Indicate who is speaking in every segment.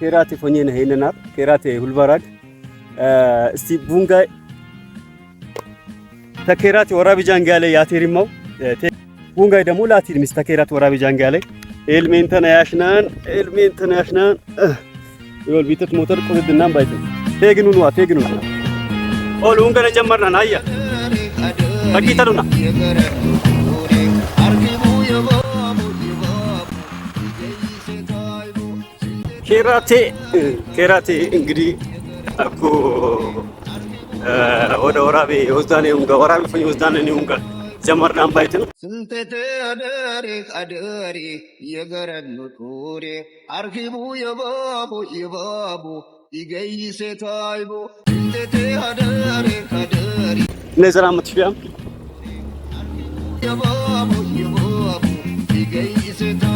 Speaker 1: ኬራቴ ፎኜን ሄነናር ኬራቴ ሁልባራግ እስቲ ቡንጋይ ተኬራት ወራቢ ጃንጋሌ ያቴሪማው ቡንጋይ ደግሞ ላቲል ሚስ ተኬራት ወራቢ ጃንጋሌ ኤልሜንተን ያሽናን ኤልሜንተን ያሽናን ይወል ቢተት ሞተር ቁድድናን ባይተ ቴግኑ ነው ቴግኑ ነው ኦል ቡንጋይ ጀመርና ናያ በቂተሉና ኬራቴ ኬራቴ እንግዲህ አኩ ወደ ወራቤ ወዝዳኔ ሁንጋ ወራቤ ፈኝ ወዛኔ ወዝዳኔ ሁንጋ ጀመርናን ነው ስንቴ አደሪ አደሪ የገረኑ ቱሬ አርኪቡ የባቡ የባቡ ይገይሴ ታይቦ ስንቴ አደሪ አደሪ ነዘራ ምትፊያም የባቡ የባቡ ይገይሴ ታይቦ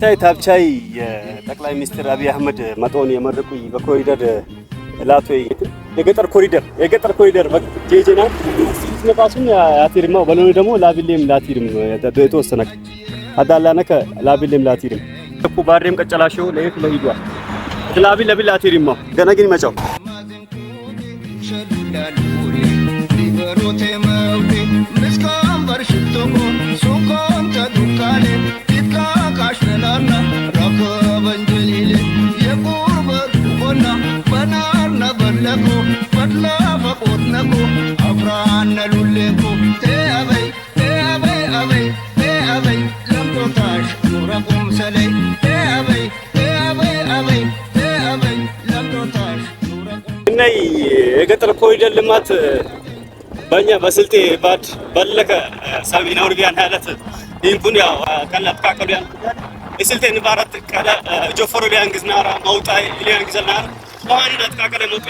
Speaker 1: ሲታይ ታብቻይ የጠቅላይ ሚኒስትር አብይ አህመድ መጥቶን የመረቁ በኮሪደር ላቶ የገጠር ኮሪደር የገጠር ኮሪደር ጄጄና ነፋሱን ያቲርማው በሎኒ ደግሞ ላቢሌም ላቲርም የተወሰነ አዳላነከ ላቢሌም ላቲርም እኮ ባሬም ቀጨላሽ ለይት ለይዷል ላቢ ለቢ ላቲርማው ገነግን ይመጫው መሰል ኮሪደር ልማት በእኛ በስልጤ ባድ በለከ ሰሜን አውርቢያን ሀለት ኢንኩን ያው ቀላት ካከሉ ያን የስልጤ ንባረት ቀለ ጆፈሩ ሊያን ግዝናራ ማውጣ ሊያን ግዝናራ ዋን ናት ካከለ መውጣ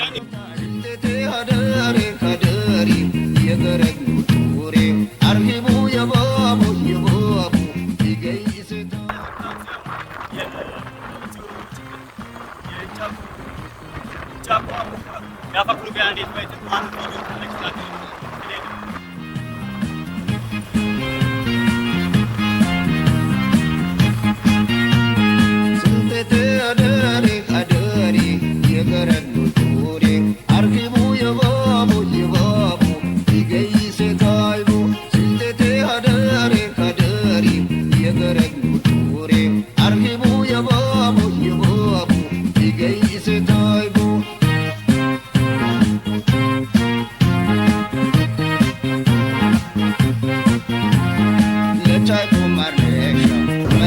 Speaker 1: and it might be one for the next time.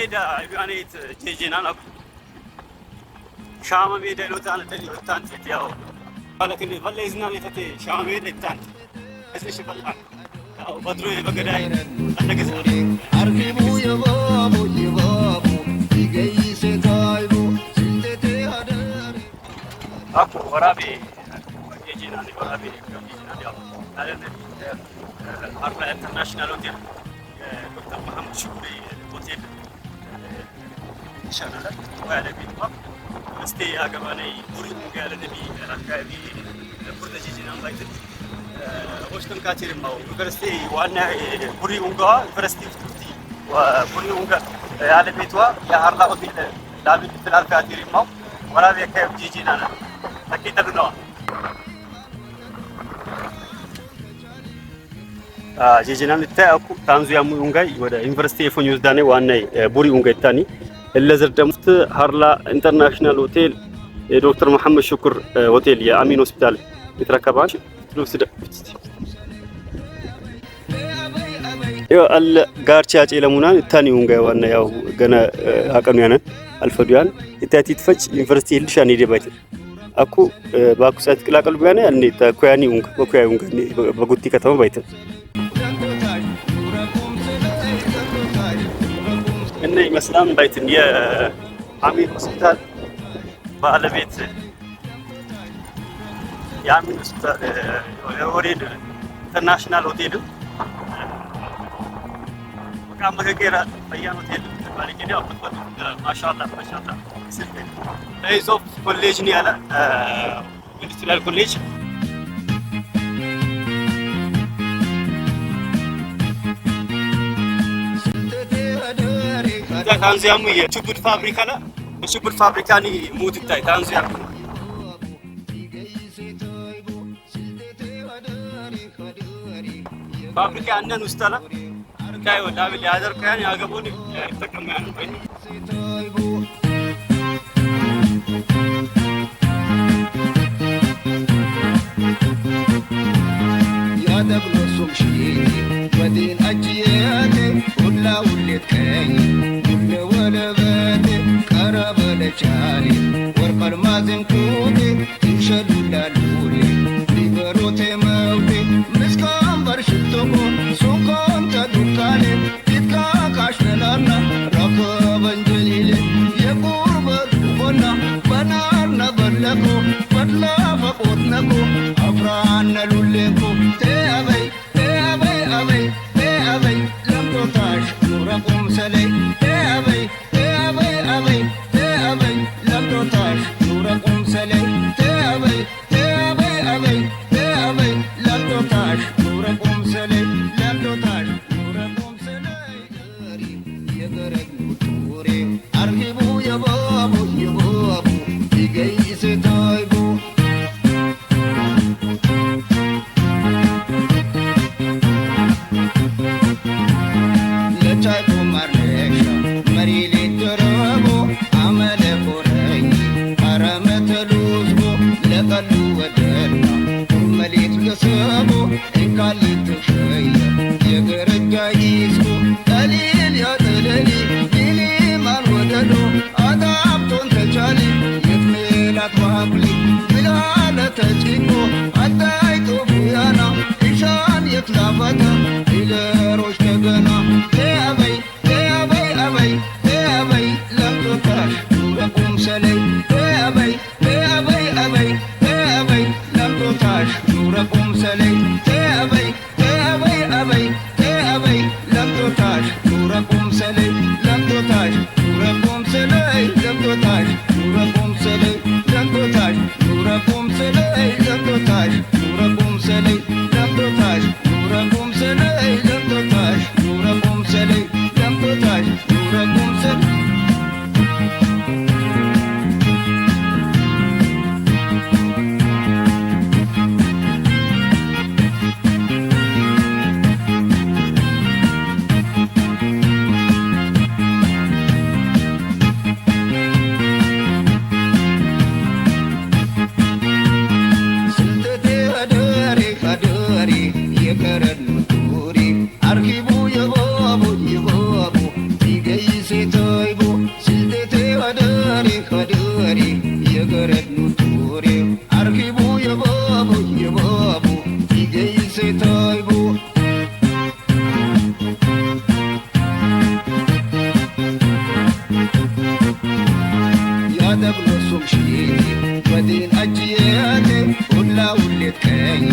Speaker 1: ሜዳ ዩአኔት ጄጂናን አኩ ሻማ ሜዳ ሎታን ተሊ ሎታን ያው ባለክን ፈለይዝና ሜተቴ ሻማ ሜዳ ይታን እዚህ ሽፈላ ያው በድሮ የበገዳይ አነገሰ አርኪሙ የባቡ የባቡ ይገይሴ ታይቡ ሲልቴቴ አደሪ አኩ ወራቤ ጄጂናን ወራቤ ያው አለነ አርባ ኢንተርናሽናል ሆቴል ዶክተር መሐመድ ሽኩሪ ሆቴል ይሻለናል። ያለቤት እስቴ አገባ ላይ ቡሪ ያለደሚ አካባቢ ዋና ቡሪ ኡንጋዋ ዩኒቨርሲቲ ፍትፍቲ ቡሪ ኡንጋ ያለቤቷ የሀርላ ሆቴል ላቢድ ፍላልካቴሪማው ወራቢ አካባቢ ጂጂና ነ ተኪተድነዋ ጂጂናም ተ ታንዙ ያሙ ኡንጋይ ወደ ዩኒቨርሲቲ የፎኝ ወስዳኔ ዋና ቡሪ ኡንጋ ይታኒ ለዘርደሙት ሀርላ ኢንተርናሽናል ሆቴል የዶክተር መሐመድ ሹክር ሆቴል የአሚን ሆስፒታል የተረከባች አለ ጋርቻ ጨለሙና ታኒ ወንጋ ዋና ያው ገነ አቀኑ ያነ አልፈዱያን እታቲ ትፈጭ ዩኒቨርሲቲ ህልሻን ባይት አኩ ባኩ ሳይት ቅላቀሉ ቢያነ አንዴ ተኮያኒ ወንጋ ወኮያይ ወንጋ በጉቲ ከተማ ባይት ይመስላል ባይትን የአሚን ሆስፒታል ባለቤት የአሚን ሆስፒታል ሆቴል ኢንተርናሽናል ሆቴል በቃ መገገራ በያን ሆቴል ባለቂ ነው። አጥቆት ማሻአላ ማሻአላ ኮሌጅ ነው ያለ ኢንዱስትሪያል ኮሌጅ እዛ ታንዚያሙ የሽጉድ ፋብሪካ ላ የሽጉድ ፋብሪካ ኒ ሙት ይታይ ታንዚያ ፋብሪካ ያነን ውስጥ ላ ቃዮ ዳብል ያደርቀያን ያገቡን ይጠቀማ ያነበኝ ودين أجياتي ولا وليت كاين cecarit Work on mazin kude, insha duda
Speaker 2: Thank you. የገረድ ኑቱሪው አርኪቡ የባቡ የባቡ ይገይሴ ታይቡ ያደብነሱም ሺ በዲን አጅየቴ ሁላ ውሌት ከኝ